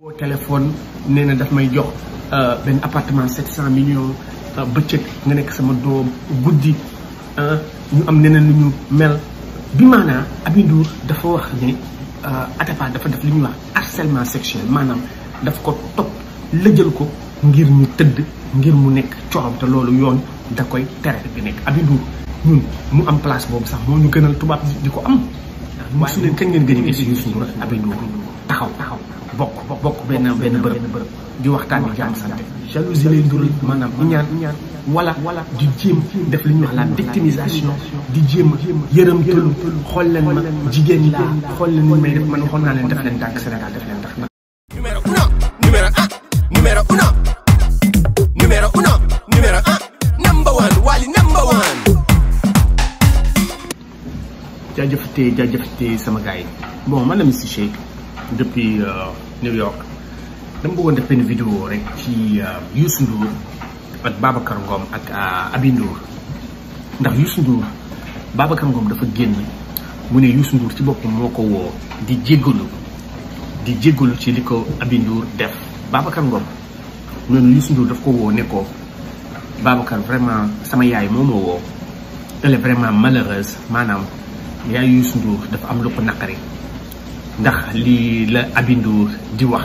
boo téléphone nee na daf may jox euh, benn appartement 700 millions euh, bëccëg nga nekk sama doom guddi ñu am neneen lu ñu mel bi maanaa Aby Ndour dafa wax ne euh, Atepa dafa def li ñuy wax harcèlement sexuel maanaam daf ko topp lëjal ko ngir ñu tëdd ngir mu nekk corom te loolu yoon da koy tere bi nekk Aby Ndour ñun mu am place boobu sax moo ñu gënal tubaab di ko am musu len kañ ngeen gëñu ci suñu sunu abay do taxaw taxaw bok bok ben ben bëb di waxtaan ci am sante jalousie len dul manam ñu ñaan wala wala di jëm def li ñu wax la victimisation di jëm yërem teul xol len ma jigen la xol len ni may def man waxon na len def len tank sénégal def len tax na jaajëfatee jaajëfatee sama gars yi bon man la Mister Shake depuis euh, New York dama bëggoon def benn vidéo rek ci euh, Youssou Ndour ak Babacar Ngom ak euh, Aby Ndour ndax Youssou Ndour Babacar Ngom dafa génn mu ne Youssou Ndour ci boppam moo ko woo di jéggalu di jéggalu ci li ko abinduur Ndour def Babacar Ngom noonu Youssou Ndour daf ko woo ne ko Babacar vraiment sama yaay moo ma woo elle est vraiment malheureuse maanaam yaay Youssou Ndour dafa am lu ko naqari ndax lii la Aby Ndour di wax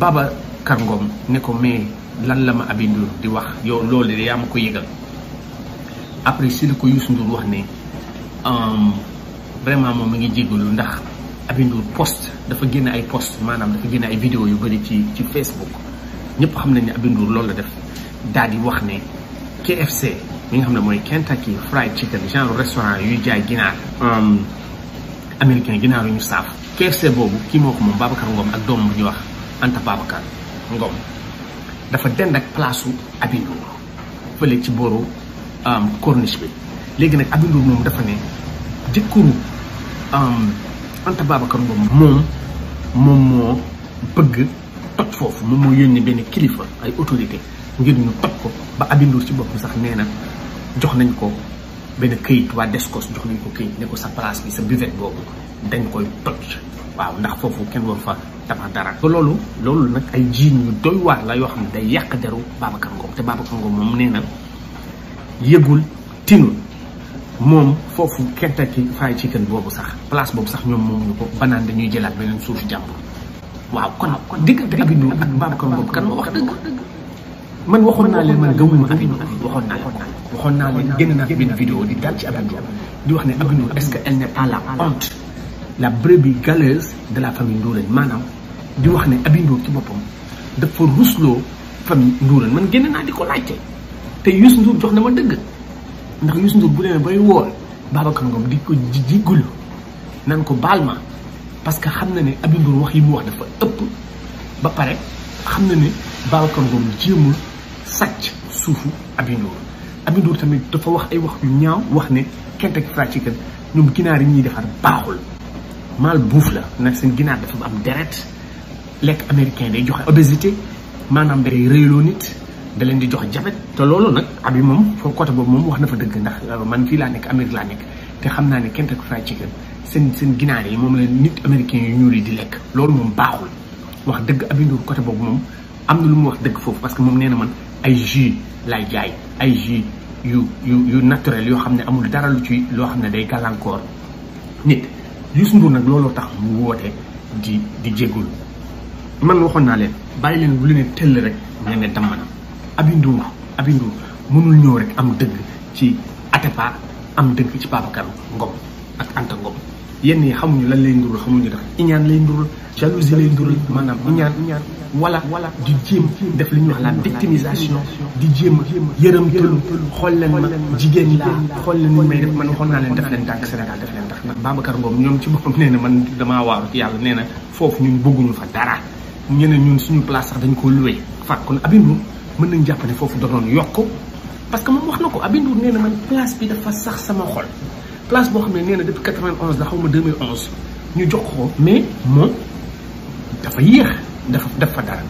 Babacar Ngom ne ko mais lan la ma Aby Ndour di wax yow loolu yaa ma ko yëgal après si la ko Youssou Ndour wax ne vraiment moom mu ngi jégalu ndax Aby Ndour post dafa génn ay post maanaam dafa génn ay vidéo yu bari ci ci Facebook ñëpp xam nañ ne Aby Ndour loolu la def daal di wax ne KFC li nga xam ne mooy Kentucky fried chicken genre restaurant yuy jaay ginaar um, américain ginaar yu ñu saaf KFC boobu kii moo ko moom Babacar Ngom ak doom bu ñuy wax Anta Babacar Ngom dend ak place su ci booru um, corniche nag Aby Ndour moom dafa ne jëkkëru um, Anta Babacar Ngom moom moom moo bëgg toj foofu moom moo yónni benn kilifa ay autorité ngir ñu toj ko ba Aby Ndour ci bopp sax nee na jox nañ ko benn këyit waa Descos jox nañ ko këyit ne ko sa place bi sa buvette boobu dañ koy toj waaw ndax foofu kenn waru fa tabax dara. te loolu loolu nag ay jiin yu doy waar la yoo xam ne day yàq deru Babacar Ngom te Babacar Ngom moom nee na yëgul tinul moom foofu Kentucky Fried Chicken boobu sax place boobu sax ñoom moomuñu ko ba naan dañuy jëlaat beneen suuf jàmbur. waaw kon kon diggante Habib ak Babacar Ngom kan moo wax dëgg man naa leen man gëmuma Habib waxoon naa waxoon naa leen génn naa benn vidéo di dal ci Abdou Ndour di wax ne Abdou Ndour est-ce que elle n'est pas la honte la brebis galeuse de la famille Ndour lañ maanaam di wax ne Abdou Ndour boppam dafa rusloo famille Ndour man génn naa di ko laajte te Youssou Ndour jox na ma dëgg ndax Youssou Ndour bu demee bay wool Babacar Ngom di ko jigul nan ko baal ma parce que xam na ne Abdou Ndour wax yi mu wax dafa ëpp ba pare xam na ne Babacar Ngom jéemul sàcc suufu Abdou Abidou tamit dafa wax ay wax yu ñaaw wax ne Kentucky Fried Chicken ñoom ginaar yi ñuy defar baaxul mal buuf la nag seen ginaar dafa am deret lekk américain day joxe obésité maanaam day réyloo nit da leen di jox jabet te loolu nag abi moom foofu côté boobu moom wax na fa dëgg ndax man fii laa nekk Amérique laa nekk te xam naa ne Kentucky Fried Chicken seen ginaar yi moom la nit américain yu ñuul yi di lekk loolu moom baaxul wax dëgg Aby Ndour côté boobu moom am na lu mu wax dëgg foofu parce que moom nee na man ay jus laay jaay ay jus yu yu yu naturel yoo xam ne amul dara lu ci loo xam ne day gàllankoor nit Youssou Ndour nag looloo tax mu woote di di jéggul man waxoon naa leen bàyyi leen bu leen tëll rek ngeen ne damm na Aby Ndour Aby mënul ñëw rek am dëgg ci Atépa am dëgg ci Babacar Ngom ak Anta Ngom yenn yi xamuñu la lay ndurul xamuñu ndax iñaan lay ndurul jalousie lay ndurul maanaam iñaan iñaan wala di jéem def li ñuy wax la victimisation di jéem a yërëmtalu xool leen ma jigéen laa xool leen may def man waxoon naa leen def leen tànk Sénégal def leen ndax ndax Babacar Ngom ñoom ci boppam nee na man damaa waaru ci yàlla nee na foofu ñun bëgguñu fa dara ñeneen ñun suñu place sax dañ ko loué fàq kon abindu mën nañ jàpp ne foofu danoon yokk parce que moom wax na ko abindu nee na sax sama xol place boo xam ne nee na depuis 91 la xaw ma 2011 ñu jox ko mais moom dafa yéex def def fa dara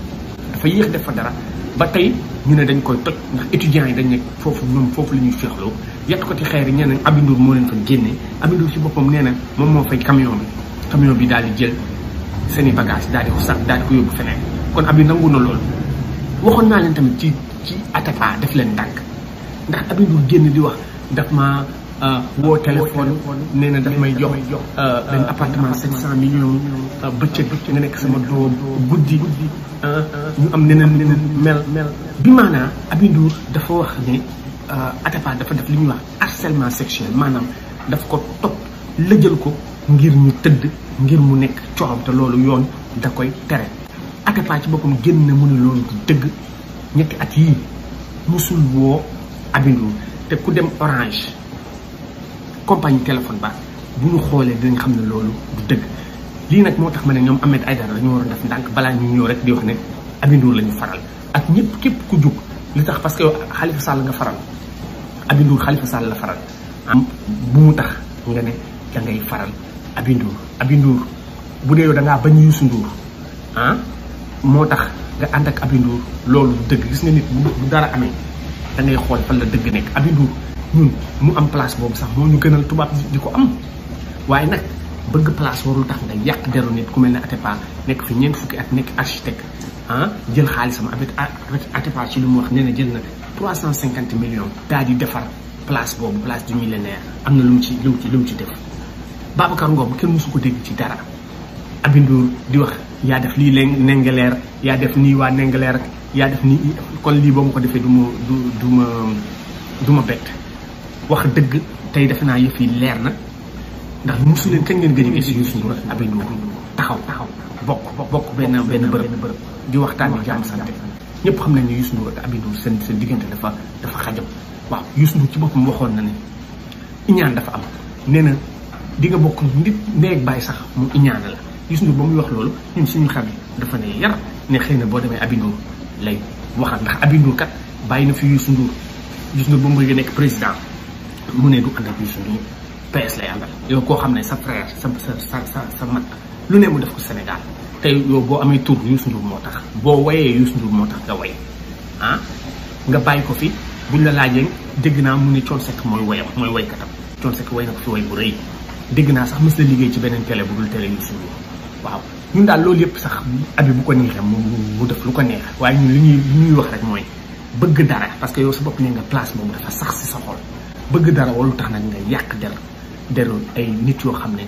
dafa yéex def fa dara ba tey ñu ne dañ koy toj ndax étudiants yi dañ nekk foofu ñoom foofu la ñuy féexloo yett ko ci xeer yi ñeneen Aby Ndour moo leen fa génne Aby Ndour si boppam nee na moom moo fay camion bi camion bi daal di jël seen i bagage daal di ko sax daal di ko yóbbu feneen kon Aby loolu waxoon naa leen tamit ci ci Atepa def leen ndànk ndax Aby Ndour di wax daf ma Euh, woo téléphone nee na daf may jox euh, benn appartement cinq cent millions euh, bëccëg nga nekk sama doom guddi ñu am neneen neneen mel mel bi maanaa Aby Ndour dafa wax ne Atepa dafa def li ñuy wax harcèlement sexuel maanaam daf ko topp lëjal ko ngir ñu tëdd ngir mu nekk coow te loolu yoon da koy tere Atepa ci boppam génn mu ne loolu du dëgg ñetti at yii musul woo Aby te ku dem orange compagnie téléphone ba bu ñu xoolee dinañ xam ne loolu du dëgg lii nag moo tax ma ne ñoom Ahmed Aïdara dañu war a def ndànk balaa ñu ñëw rek di wax ne Aby Ndour la faral ak ñëpp képp ku jug li tax parce que yow Sall nga faral Aby Ndour Khalifa Sall la faral bu mu nga ne da ngay faral Aby bu dee yow da ngaa bañ Youssou Ndour ah moo tax nga ànd ak Aby Ndour loolu dëgg gis nga nit bu dara amee da ngay xool fan la dëgg nekk Aby ñun mu am place boobu sax moo ñu gënal tubaab di ko am waaye nag bëgg place warul tax nga yàq deru nekk ku mel ne Atépa nekk fi ñeent fukki at nekk architecte ah jël xaalisam avec Atépa ci lu mu wax nee na jël na trois cent cinquante millions daal di defar place boobu place du millénaire am na lu mu ci lu mu ci lu mu ci def Babacar Ngom kenn mosu ko dégg ci dara abindu di wax yaa def lii leen nengeleer yaa def nii waa nengeleer yaa def nii kon lii ba mu ko defee du ma du du du ma bett wax dëgg tey defe naa yëf yi leer nag ndax mosu leen kañ ngeen gëj a gis Youssou Ndour ak Aby Ndour taxaw taxaw bokk bokk benn benn bërëb di waxtaan di jàmm sante ñëpp xam nañ ne Youssou Ndour ak Aby Ndour seen seen diggante dafa dafa xajam waaw Youssou Ndour ci boppam waxoon na ne iñaan dafa am nee na di nga bokk nit neeg bàyyi sax mu iñaan la Youssou Ndour ba muy wax loolu ñun suñu yi dafa ne yar ne xëy na boo demee Aby Ndour lay waxal ndax Aby bàyyi na fi Youssou Ndour Youssou Ndour ba mu président mu ne du ànd ak Youssou PS lay àndal yow koo xam ne sa frère sa sa sa sa mag lu ne mu def ko Sénégal te yow boo amee tur Youssou Ndour moo tax boo wayee Youssou Ndour moo tax nga way ah nga bàyyi ko fi buñ la laajee dégg naa mu ne Thione Seck mooy woyam mooy woykatam Thione Seck way na ko fi way bu rëy dégg naa sax mës liggéey ci beneen télé bu dul télé Youssou daal loolu yëpp sax abi bu ko neexee mu mu def lu ko neex waaye ñun li ñuy li ñuy wax rek mooy bëgg dara parce que yow sa bopp nee nga place boobu dafa sax si sa xol bëgg dara wala tax nag nga yàq der deru ay nit yoo xam ne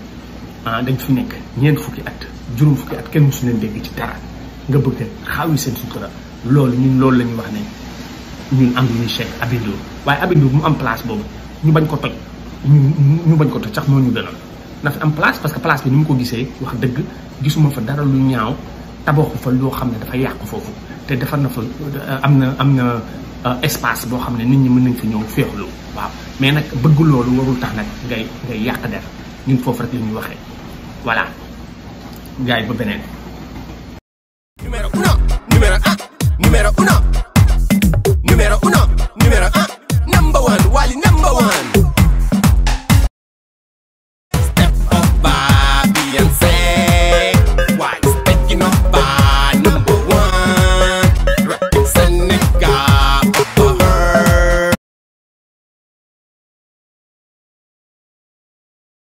ah dañ fi nekk ñeent fukki at juróom fukki at kenn musu leen dégg ci dara nga bëgg xaawi seen sutura loolu ñun loolu la ñu wax ne ñun am nañu chèque Aby Ndour waaye Aby mu am place boobu ñu bañ ko toj ñu ñu bañ ko toj sax moo ñu gënal ndax fi am place parce que place bi ni mu ko gisee wax dëgg gisuma fa dara lu ñaaw tabaxu fa loo xam ne dafa yàq foofu te defar na fa am na am na Euh, espace boo xam ne nit ñi mën nañ fi ñëw féexlu waaw mais nag bëgg loolu warul tax nag ngay ngay yàq def ñun foofu rek li ñuy waxee voilà gars yi ba beneen.